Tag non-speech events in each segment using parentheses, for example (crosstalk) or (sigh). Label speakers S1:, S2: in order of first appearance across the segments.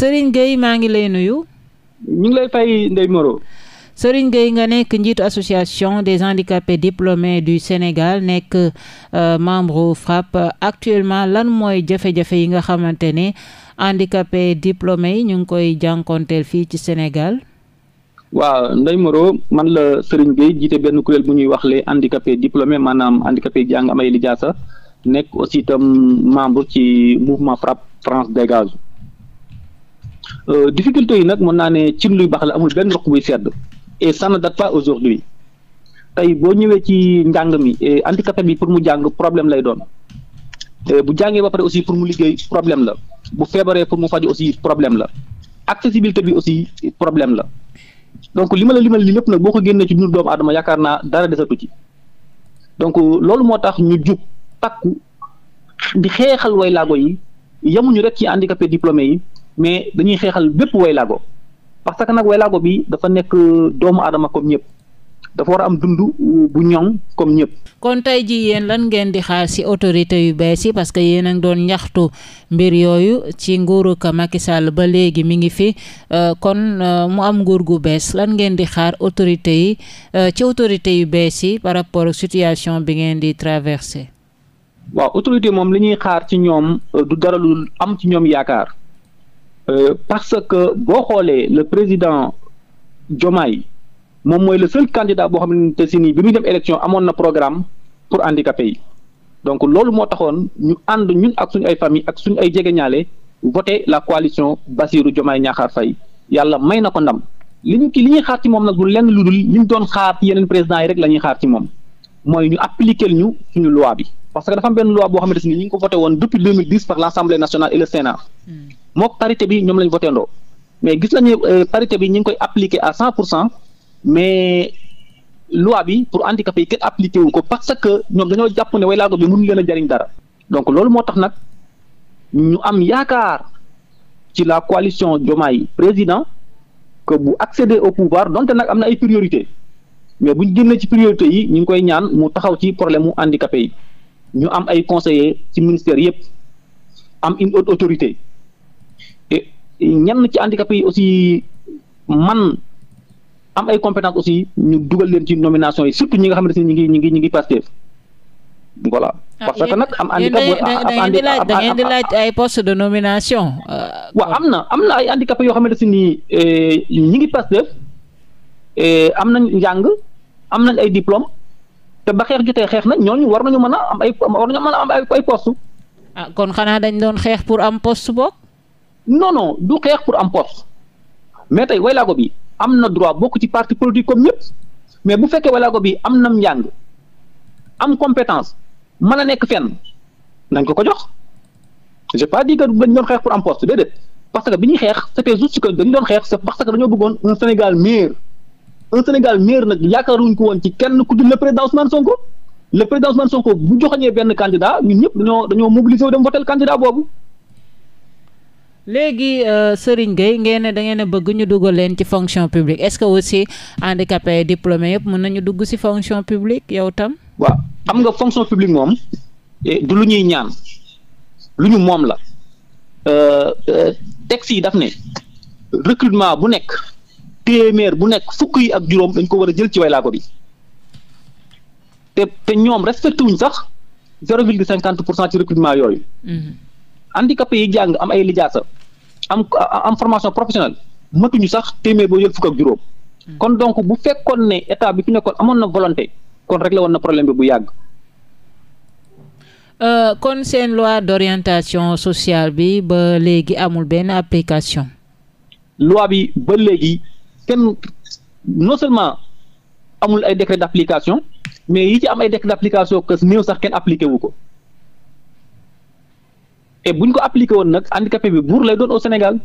S1: Serigne Gueye maa ngi lay nuyu. ñu ngi lay fay Ndeye moro Serigne Gueye nga nekk njiitu association des handicapés diplômés du Sénégal nekk euh, membre FRAPP actuellement lan mooy jafe-jafe yi nga xamante ne handicapés diplômés yi ñu ngi koy jànkonteel fii ci Sénégal.
S2: waaw Ndeye moro man la Serigne Gueye jiite benn kuréel bu ñuy wax les handicapés diplômés maanaam handicapés jàng am ay lijaasa nekk aussi itam membre ci mouvement FRAPP France Dégage. Euh, difficulté yi nag mën naa ne cin luy bax la amul benn roq buy sedd et ça ne date pas aujourd'hui tey boo ñëwee ci njàng mi handicapé bi pour mu jàng problème lay doon bu jàngee ba pare aussi pour mu liggéey problème la bu feebaree pour mu faju aussi problème la accessibilité bi aussi problème la donc li ma la limal li lépp nag boo ko génnee ci dundu doomu adama yaakaar naa dara desatu ci donc loolu moo tax ñu jug takku di xeexal way laago yi yemuñu rek ci handicapé diplômé yi mais dañuy xeexal bépp woy waylaago parce que nag waylaago bi dafa nekk doomu adama comme ñëpp dafa am dund bu ñoŋ comme
S1: kon tey jii yéen lan ngeen di xaar ci autorité yu bees yi parce que yéen a ngi doon ñaxtu mbir yooyu ci nguuru ka Macky ba léegi mi ngi fi euh, kon euh, mu am nguur gu bees lan ngeen di xaar autorité yi euh, ci autorité yu bees yi par rapport ak situation bi ngeen di traversé.
S2: waaw autorité moom li ñuy xaar ci ñoom du dara lu am ci ñoom yaakaar. euh, parce que boo xoolee le président Diomaye moom mooy le seul candidat boo xamante si nii bi muy dem élection amoon na programme pour handicapé yi donc loolu moo taxoon ñu ànd ñun ak suñ ay famille ak suñ ay jegeñaale voté la coalition Bassirou Diomaye Ñaaxaar Faye yàlla may na ko ndam li ñu ki li ñuy xaar ci moom nag du lenn lu dul li ñu doon xaar ci yeneen président yi rek la ñuy xaar ci moom mooy ñu appliquer ñu suñu loi bi parce que dafa am benn boo xamante si nii ñu ngi ko voté woon depuis 2010 par l' assemblée nationale et le mook parité bi ñoom lañ voté mais gis nañu euh, parité bi ñu ngi koy appliqué à cent pour cent mais loi bi pour handicapé yi kenn appliqué wu ko parce que ñoom dañoo jàpp ne way laago bi mënu leen a jariñ dara donc loolu moo tax nag ñu am yaakaar ci la coalition Diomaye président que bu accéder au pouvoir donte nag am na ay priorité mais buñ génnee ci priorité yi ñu ngi koy ñaan mu taxaw ci problème mu handicapé yi ñu am ay conseillers ci ministère yëpp am une autorité ñenn ci handicapé yi aussi man am ay compétence aussi ñu dugal leen ci nomination yi surtout ñi nga xamante ne ñi ngi ñi ngi ñi ngi Pastef voilà ah, nag am handicap da ngeen
S1: ay poste de nomination euh,
S2: waaw am na am na ay handicapé yoo xamante ni euh, ñi ngi Pastef euh, am nañ njàng am nañ ay diplome te ba xeex jotee xeex na ñooñu war nañu mën a am ay war nañu mën a ah kon xanaa dañ doon xeex pour am poste bokk non non du xeex pour am poste mais tey waylaago bi am na droit bokk ci parti politique comme ñëpp mais bu fekkee waylaago bi am na njàng am compétence man a nekk fenn nañ ko jox j'ai pas dit que dañ doon xeex pour am poste déedéet parce que bi ñuy xeex c'était juste que dañu doon xeex c'est parce que dañoo bëggoon un Sénégal meilleur un Sénégal meilleur nag yaakaaruñ ko woon ci kenn ku dul le président Ousmane Sonko le président Ousmane Sonko bu joxoñee benn candidat ñun ñëpp dañoo dañoo mobiliser wu dem voter candidat
S1: léegi euh, Serigne Gueye ngeen ne da ngeen a bëgg ñu dugal leen ci fonction publique est-ce que aussi handicapé diplômé yëpp mën nañu dugg ci fonction publique yow tam.
S2: waaw xam nga fonction publique moom eh, du lu ñuy ñaan lu ñu moom la euh, euh, texte yi daf ne recrutement bu nekk téeméer bu nekk fukk yi ak juróom dañ ko war a jël ci waylaago bi te te ñoom respecté wuñ sax zéro cinquante pour cent ci recrutement yooyu mm-hmm. handicapé yi jàng am ay lijaasa am am formation professionnelle matuñu sax téeméer boo jël fukk ak juróom. Hmm. kon donc bu fekkoon ne état bi fi nekkoon amoon na volonté kon réglé woon na problème bi bu yàgg.
S1: Euh, kon seen loi d'orientation sociale bi ba léegi amul benn application.
S2: loi bi ba léegi kenn non seulement amul ay décret d'application mais yi ci am ay décret d'application que néew sax kenn appliqué wu ko. et buñ ko appliqué woon nag handicapé bi buur lay doon au Sénégal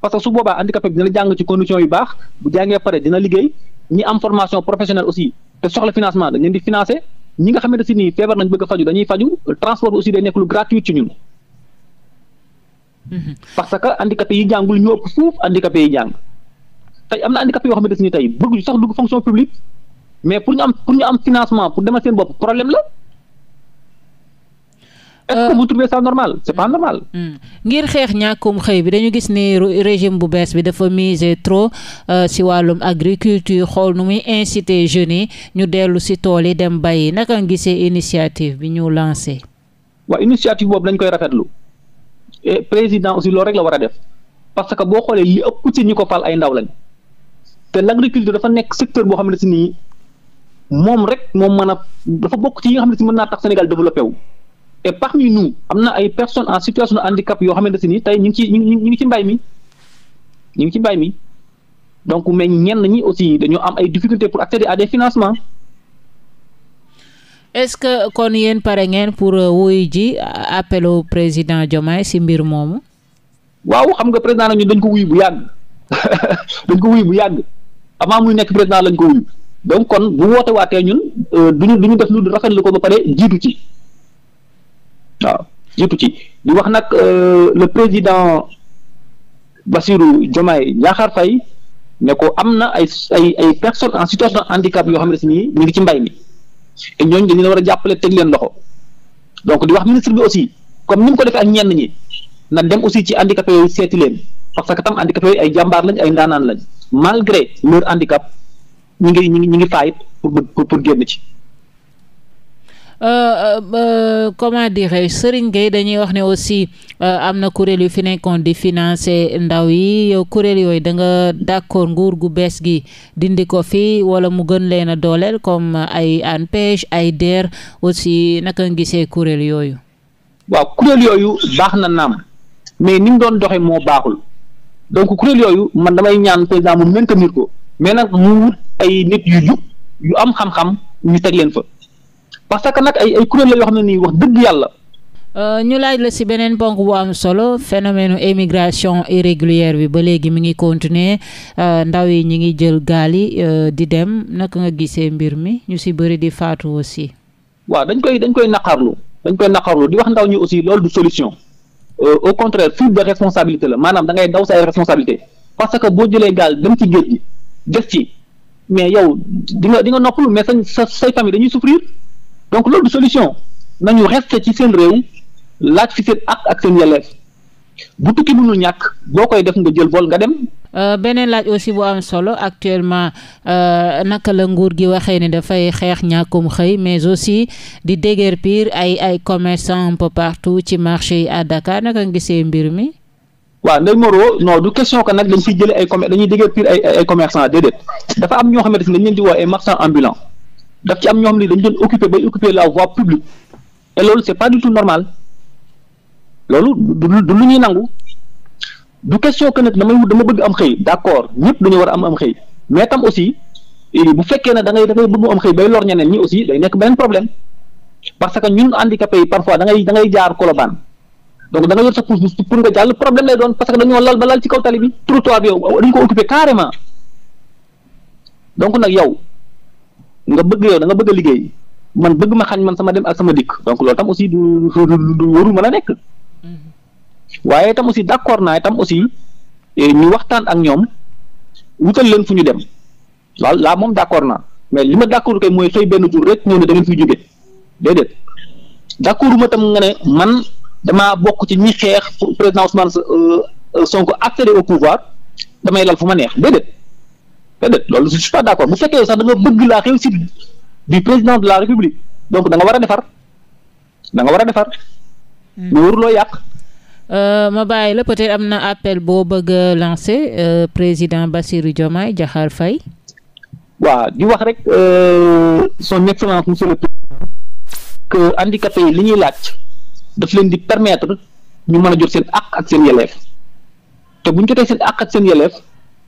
S2: parce que su boobaa handicapé bi dina jàng ci condition yu baax bu jàngee pare dina liggéey ñi am formation professionnelle aussi te soxla financement dañ leen di financer ñi nga xamante si nii feebar nañ bëgg a faju dañuy faju transport bi aussi day nekk lu gratuit ci ñun. Mhm. parce que handicapé yi jàngul ñoo ëpp fuuf handicapé yi jàng tey am na handicapé yoo xamante si nii tey bëgg sax dugg fonction publique mais pour ñu am pour pour demal seen bopp problème la. est-ce que euh, vous trouvez ça normal c'est pas mm. normal. Mm.
S1: ngir xeex ñàkkum xëy bi dañu gis ni régime bu bees bi dafa mise trop euh, si wàllum agriculture xool nu muy inciter jeunes yi ñu dellu si tool yi dem bàyyi naka nga gisee initiative bi ñu lancé.
S2: waa initiative boobu dañ koy rafetlu et président aussi loolu rek la war a def parce que boo xoolee li ëpp ci ñu ko fal ay ndaw lañ te l'agriculture dafa nekk secteur boo xam ne si nii moom rek moom mën a dafa bokk ci yi xam ne si mën naa tax Sénégal développé wu. et parmi nous am na ay personnes en situation de handicap yoo xamante ne nii tey ñu ngi ci ñu ngi ci mbay mi ñu ngi ci mbay mi donc mais ñenn ñi aussi dañoo am ay difficultés pour accéder à des financements.
S1: est-ce que kon yéen pare ngeen pour euh, wuy ji appel au président Diomaye si mbir moomu.
S2: waaw xam nga président nag ñun dañ ko wuy bu yàgg (laughs) dañ ko wuy bu yàgg avant muy nekk président lañ ko wuy donc kon bu woote waatee ñun euh, duñu duñu def lu rafetlu ko ba pare jiitu ci. waaw jiitu ci di wax nag euh, le président Bassirou Diomaye Diakhar Faye ne ko am na ay ay ay personnes en situation de handicap yoo xam ne si nii ñu ngi ci mbay mi ñooñ ñooñu dañu la war a jàppale teg leen loxo donc di wax ministre bi aussi comme ni mu ko defee ak ñenn ñi na dem aussi ci handicapé yooyu seeti leen parce que tam handicapé yooyu ay jàmbaar lañ ay ndaanaan lañ malgré leur handicap ñi ngi ñi ngi ñi ngi faayit pour pour pour génn ci.
S1: Euh, euh, euh, comment dirais-je Serigne dañuy wax ne aussi am na kuréel yu fi nekkoon di financé ndaw yi yow kuréel yooyu da nga d'accord nguur gu bees gi dindi ko fii wala mu gën leen a dooleel comme ay ANPEJ ay DER aussi naka nga gisee kuréel yooyu.
S2: waaw kuréel yooyu baax na naam mais ni mu doon doxe moo baaxul donc kuréel yooyu man damay ñaan président mu maintenir ko mais mu wut ay nit yu jub yu am xam-xam ñu teg leen fa. parce que nag ay ay kuréel la yoo xam ne nii wax dëgg yàlla.
S1: Euh, ñu laaj la si beneen ponk bu am solo phénomène émigration irrégulière bi ba léegi mi ngi continuer euh, ndaw yi ñu ngi jël gaal yi euh, di dem naka nga gisee mbir mi ñu si bëri di faatu aussi.
S2: waaw dañ koy dañ koy naqarlu dañ koy naqarlu di wax ndaw ñi aussi loolu du solution au contraire fuite de responsabilité la maanaam da ngay daw sa ay responsabilité parce que boo jëlee gaal dem ci géej gi des ci mais yow di di nga noppalu mais sa say famille donc loolu solution nañu rester ci seen réew laaj fi seen ak ak seen yelleef bu tukki mënul ñàkk boo koy def nga jël bool nga dem.
S1: Euh, beneen laaj aussi bu am solo actuellement euh, naka la nguur gi waxee ne dafay xeex ñàkkum xëy mais aussi di déguerpir ay ay commerçants un peu partout ci marché yi à Dakar naka nga gisee mbir mi.
S2: waaw Ndeye Moreau non du question que nag dañ siy jëlee ay com dañuy déguerpir dafa am ñoo xamante ne dañ di woo ay marchands ambulants. daf ci am ñoom ni dañ doon occuper bay occuper la voie publique et loolu c'est pas du tout normal loolu du du lu ñuy nangu du question que nag damay wut dama bëgg am xëy d'accord ñëpp dañu war a am xëy mais tam aussi bu fekkee ne da ngay da ngay bëgg am xëy bay lor ñeneen ñi aussi day nekk beneen problème parce que ñun handicapés yi parfois da ngay da ngay jaar kolobaan donc da nga yor sa pousse pour nga jàll problème lay doon parce que dañoo lal ba lal ci kaw tali bi trottoir bi yow dañu ko occupé carrément donc nag yow nga bëgg yow da nga bëgg liggéey man bëgg ma xañ man sama dem ak sama dikk donc loolu tam aussi du du warul mën a nekk mm-hmm. waaye itam aussi d'accord naa itam aussi eh, ñu waxtaan ak ñoom wutal leen fu ñu dem waaw laa moom d'accord naa mais li ma d'accord kay mooy xëy benn tur rek ñëw ne da ngeen fiy jóge déedéet d'accord ma tam nga ne man dama bokk ci ñi xeex pour président Ousmane Sonko euh, euh, accéder au pouvoir damay lal fu ma neex déedéet. loolu je suis pas d' bu fekkee sax danga nga bëgg la si du président de la république donc da war a defar da nga war a defar. mais hmm. waruloo yàq.
S1: Euh, ma bàyyi la peut am na appel boo bëgg a lancé euh, président Bassirou Diomaye Diakhar fay
S2: waaw di wax rek euh, son excellence monsieur le président que handicapé yi li ñuy laaj daf leen di permettre ñu mën a jot seen àq ak seen yeleef te bu ñu jotee seen àq ak seen yeleef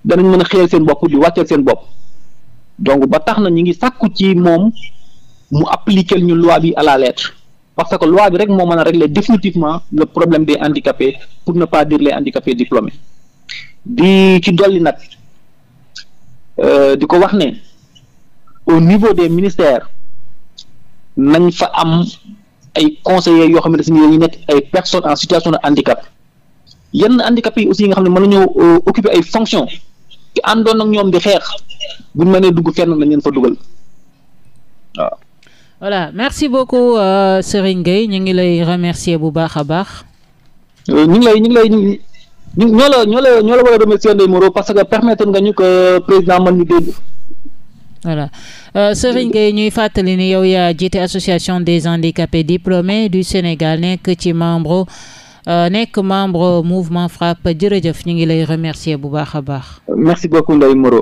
S2: danañ mën a xeer seen bopp di wàcceel seen bopp donc ba tax na ñu ngi sàkku ci moom mu appliquer ñu loi bi à la lettre parce que loi bi rek moo mën a régler définitivement le problème des handicapés pour ne pas dire les handicapés diplômés di ci dolli nag euh, di ko wax ne au niveau des ministères nañ fa am ay conseillers yoo xam ne dañuy nekk ay personnes en situation de handicap yenn handicapés yi aussi nga xam ne mën nañoo euh, occuper ay fonctions. ci àndoon ak ñoom di xeex buñ mënee dugg fenn la leen fa dugal waaw.
S1: voilà merci beaucoup euh, Serigne Gueye ñu ngi lay remercier bu baax a baax.
S2: Euh, ñu ngi lay ñu ngi ñoo la ñoo la ñoo la war parce que permettre nga ñu ko président mën ñu dégg.
S1: voilà euh, Serigne ñuy fàttali ni yow yaa jiite association des handicapés diplômés du Sénégal nekk ci membre. Euh, nekk membre mouvement FRAPP jërëjëf ñu ngi lay remercier bu baax a baax.
S2: merci beaucoup Ndeye Moreau